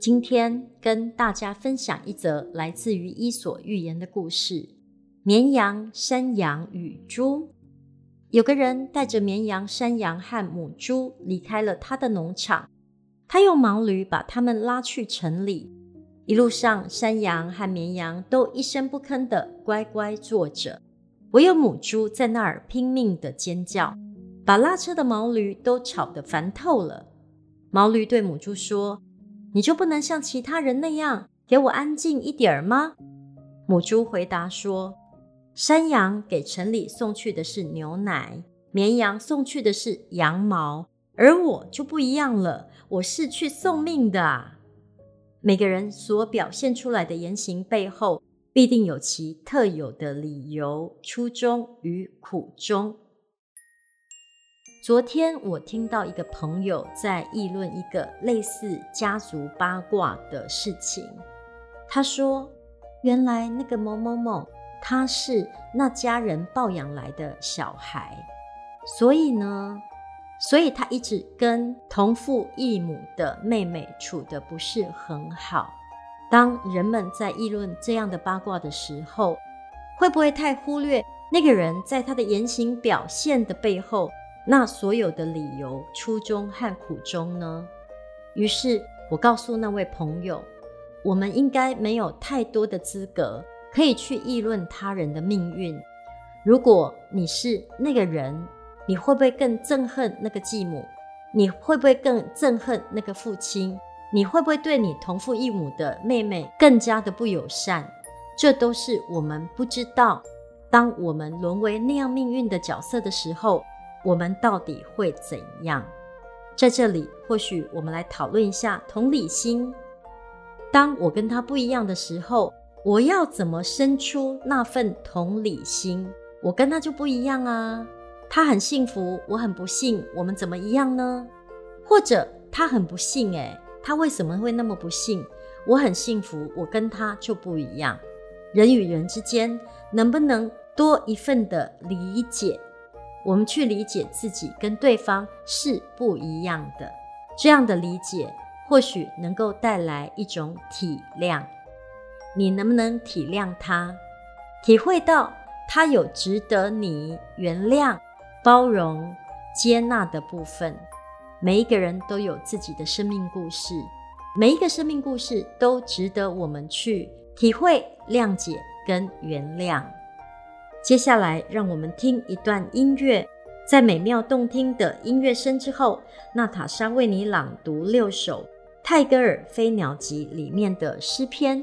今天跟大家分享一則來自於伊索寓言的故事：綿羊、山羊與豬。有個人帶着綿羊、山羊和母豬離開了他的農場，他用毛驢把他們拉去城裡。一路上，山羊和綿羊都一聲不吭地乖乖坐着，唯有母豬在那兒拼命地尖叫，把拉車的毛驢都吵得煩透了。毛驢對母豬說。你就不能像其他人那樣給我安靜一點嗎？母豬回答說：“山羊給城裡送去的是牛奶，綿羊送去的是羊毛，而我就不一樣了，我是去送命的啊！”每個人所表現出來的言行背後，必定有其特有的理由、初衷與苦衷。昨天我聽到一個朋友在議論一個類似家族八卦的事情。他說：“原來那個某某某，他是那家人抱養來的小孩，所以呢，所以他一直跟同父異母的妹妹處得不是很好。”當人們在議論這樣的八卦的時候，會不會太忽略那個人在他的言行表現的背後？那所有的理由、初衷和苦衷呢？於是，我告訴那位朋友，我們應該沒有太多的資格可以去議論他人的命運。如果你是那個人，你會不會更憎恨那個繼母？你會不會更憎恨那個父親？你會不會對你同父異母的妹妹更加的不友善？這都是我們不知道。當我們淪為那樣命運的角色的時候。我們到底會怎樣？在這裡，或許我們來討論一下同理心。當我跟他不一樣的時候，我要怎麼生出那份同理心？我跟他就不一樣啊！他很幸福，我很不幸，我們怎麼一樣呢？或者他很不幸，哎，他為什麼會那麼不幸？我很幸福，我跟他就不一樣。人與人之間能不能多一份的理解？我們去理解自己跟對方是不一樣的，這樣的理解或許能夠帶來一種體諒。你能不能體諒他？體會到他有值得你原諒、包容、接納的部分。每一個人都有自己的生命故事，每一個生命故事都值得我們去體會、諒解跟原諒。接下來，讓我們聽一段音樂。在美妙動聽的音樂聲之後，娜塔莎為你朗讀六首泰戈爾《飛鳥集》裡面的詩篇。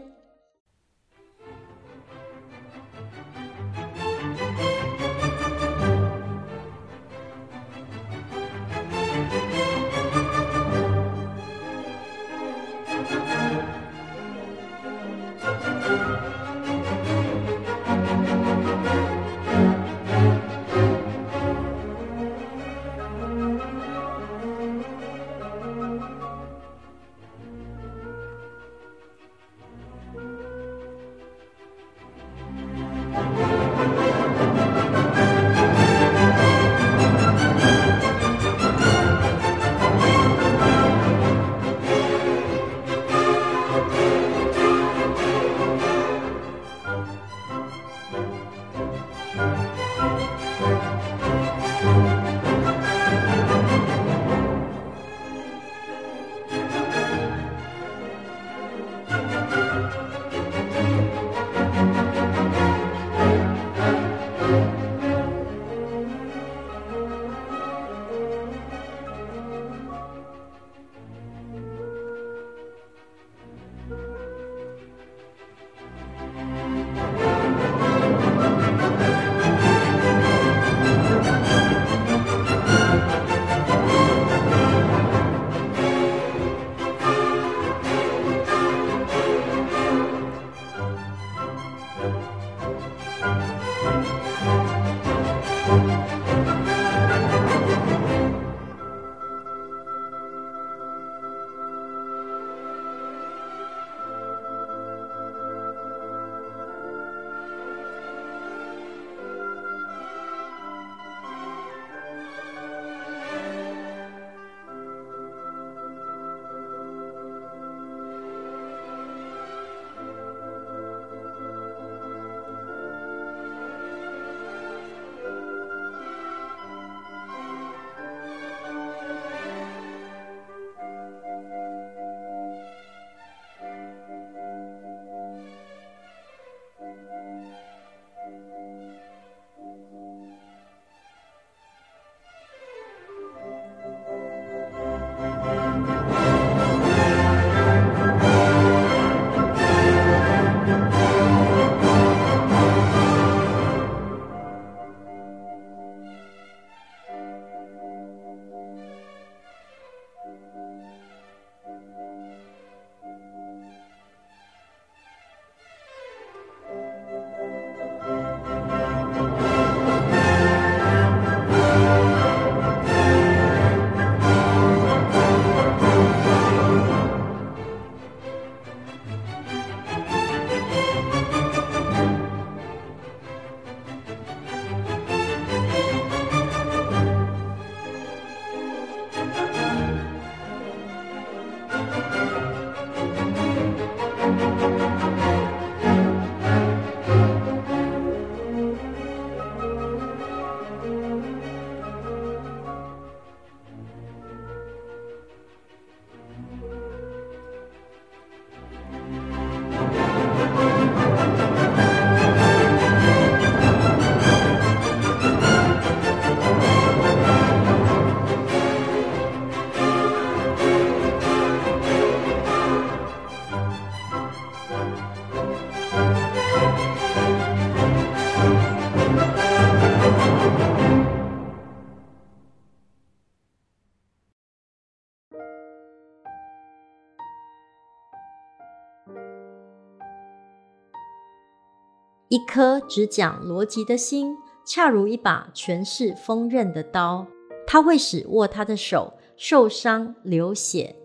一顆只講邏輯的心，恰如一把全是鋒刃的刀，它會使握它的手受傷流血。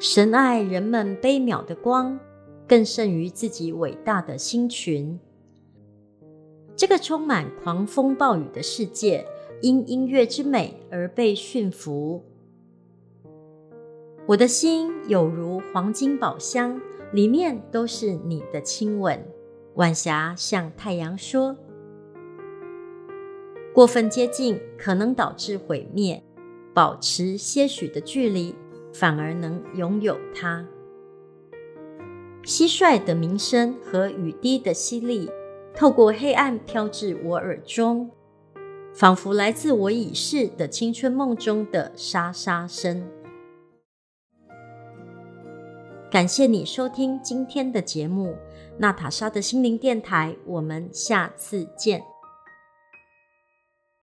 神愛人們卑渺的光，更勝於自己偉大的星群。這個充滿狂風暴雨的世界，因音樂之美而被馴服。我的心有如黃金寶箱，裡面都是你的親吻。晚霞向太陽說：“過分接近可能導致毀滅，保持些許的距離，反而能擁有它。”蟋蟀的鳴聲和雨滴的淅瀝，透過黑暗飄至我耳中，仿佛來自我已逝的青春夢中的沙沙聲。感謝你收聽今天的節目。娜塔莎的心靈電台，我們下次見。